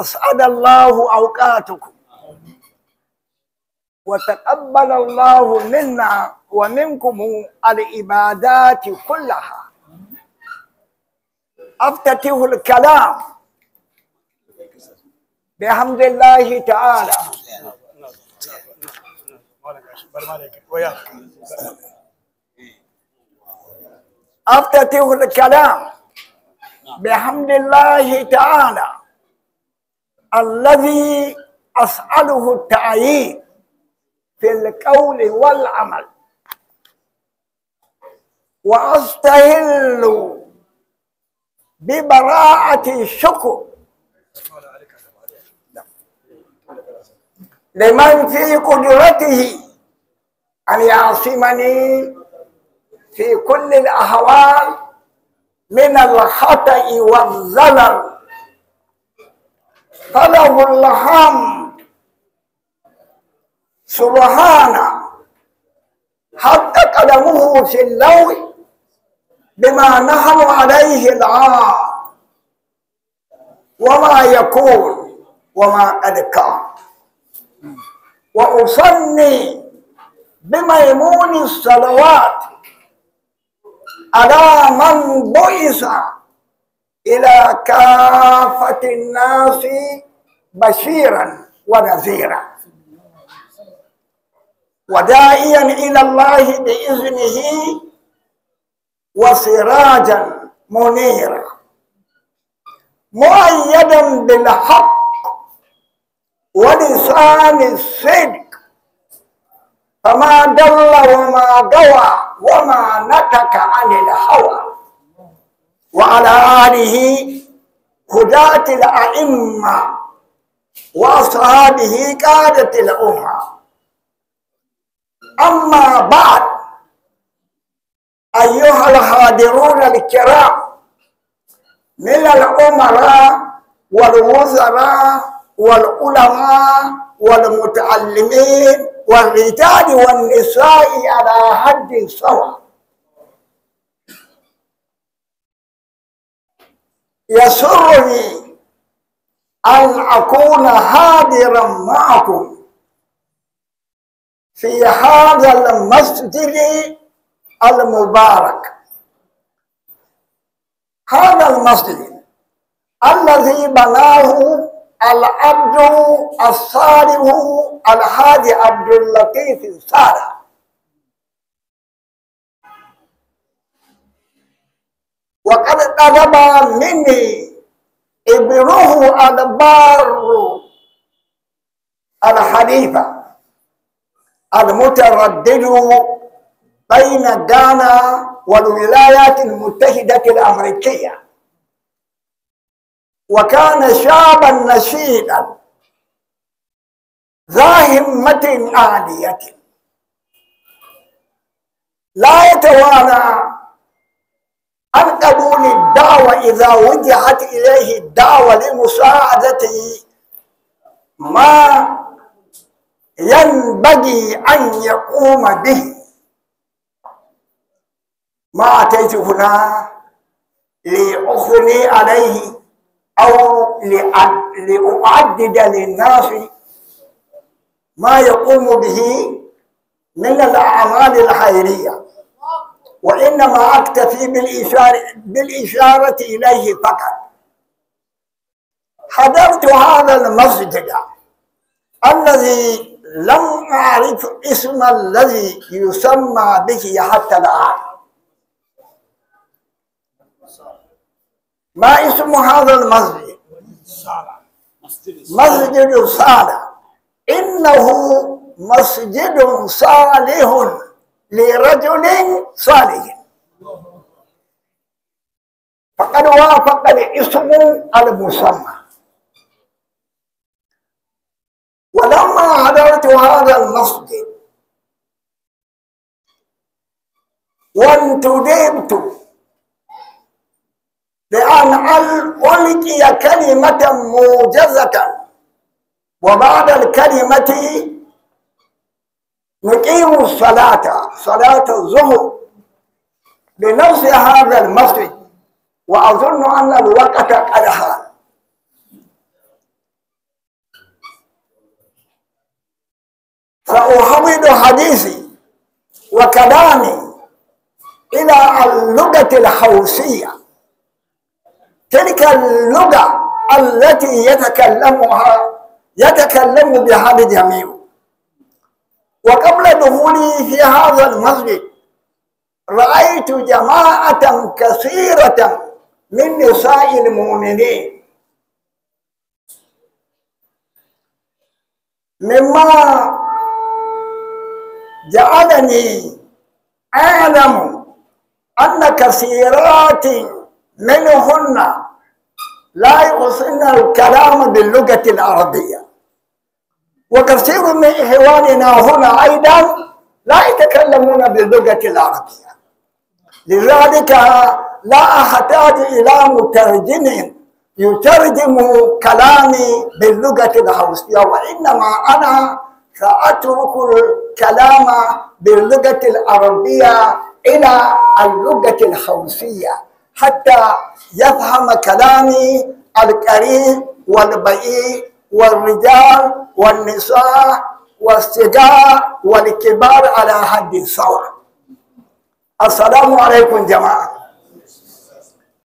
أسعد الله أوقاتكم وتقبل الله منا ومنكم العبادات كلها أفتته الكلام بحمد الله تعالى أفتته الكلام بحمد الله تعالى الذي أسأله التعيين في القول والعمل وأستهل ببراءة الشكر لمن في قدرته أن يعصمني في كل الأهوال من الخطأ والزلل فله الحمد سبحانه حتى قدمه في اللو بما نحن عليه العام وما يكون وما قد كان وأصلي بميمون الصلوات على من بعث إلى كافة الناس بشيرا ونذيرا وداعيا إلى الله بإذنه وسراجا منيرا مؤيدا بالحق ولسان الصدق فما دل وما دوى وما نتك عن الهوى وعلى آله هداة الأئمة وأصحابه قادة الأمة أما بعد أيها الحاضرون الكرام من الأمراء والوزراء والعلماء والمتعلمين والرجال والنساء على حد سواء يسرني أن أكون حاضرا معكم في هذا المسجد المبارك هذا المسجد الذي بناه العبد الصالح الحاج عبد اللطيف الصالح وقد طلب مني ابنه البار الحنيف المتردد بين غانا والولايات المتحدة الأمريكية وكان شابا نشيدا ذا همة عالية لا يتوانى قبول للدعوة إذا وجهت إليه الدعوة لمساعدته ما ينبغي أن يقوم به ما أتيت هنا لأثني عليه أو لأعدد للناس ما يقوم به من الأعمال الخيرية وإنما أكتفي بالإشارة, بالإشارة إليه فقط حضرت هذا المسجد الذي لم أعرف اسم الذي يسمى به حتى الآن ما اسم هذا المسجد مسجد صالح إنه مسجد صالح لرجل صالح فقد وافق الاسم المسمى ولما حضرت هذا المسجد وانتدبت بأن ألقي كلمة موجزة وبعد الكلمة يقيموا الصلاة صلاة الظهر بنفس هذا المسجد وأظن أن الوقت قد حان سأحول حديثي وكلامي إلى اللغة الحوسية تلك اللغة التي يتكلمها يتكلم بها الجميع وقبل دخولي في هذا المسجد رأيت جماعة كثيرة من نساء المؤمنين مما جعلني أعلم أن كثيرات منهن لا يحسن الكلام باللغة العربية وكثير من إخواننا هنا أيضا لا يتكلمون باللغة العربية لذلك لا أحتاج إلى مترجم يترجم كلامي باللغة الهوسية وإنما أنا سأترك الكلام باللغة العربية إلى اللغة الهوسية حتى يفهم كلامي القريب والبعيد والرجال والنساء والصغار والكبار على حد سواء السلام عليكم جماعه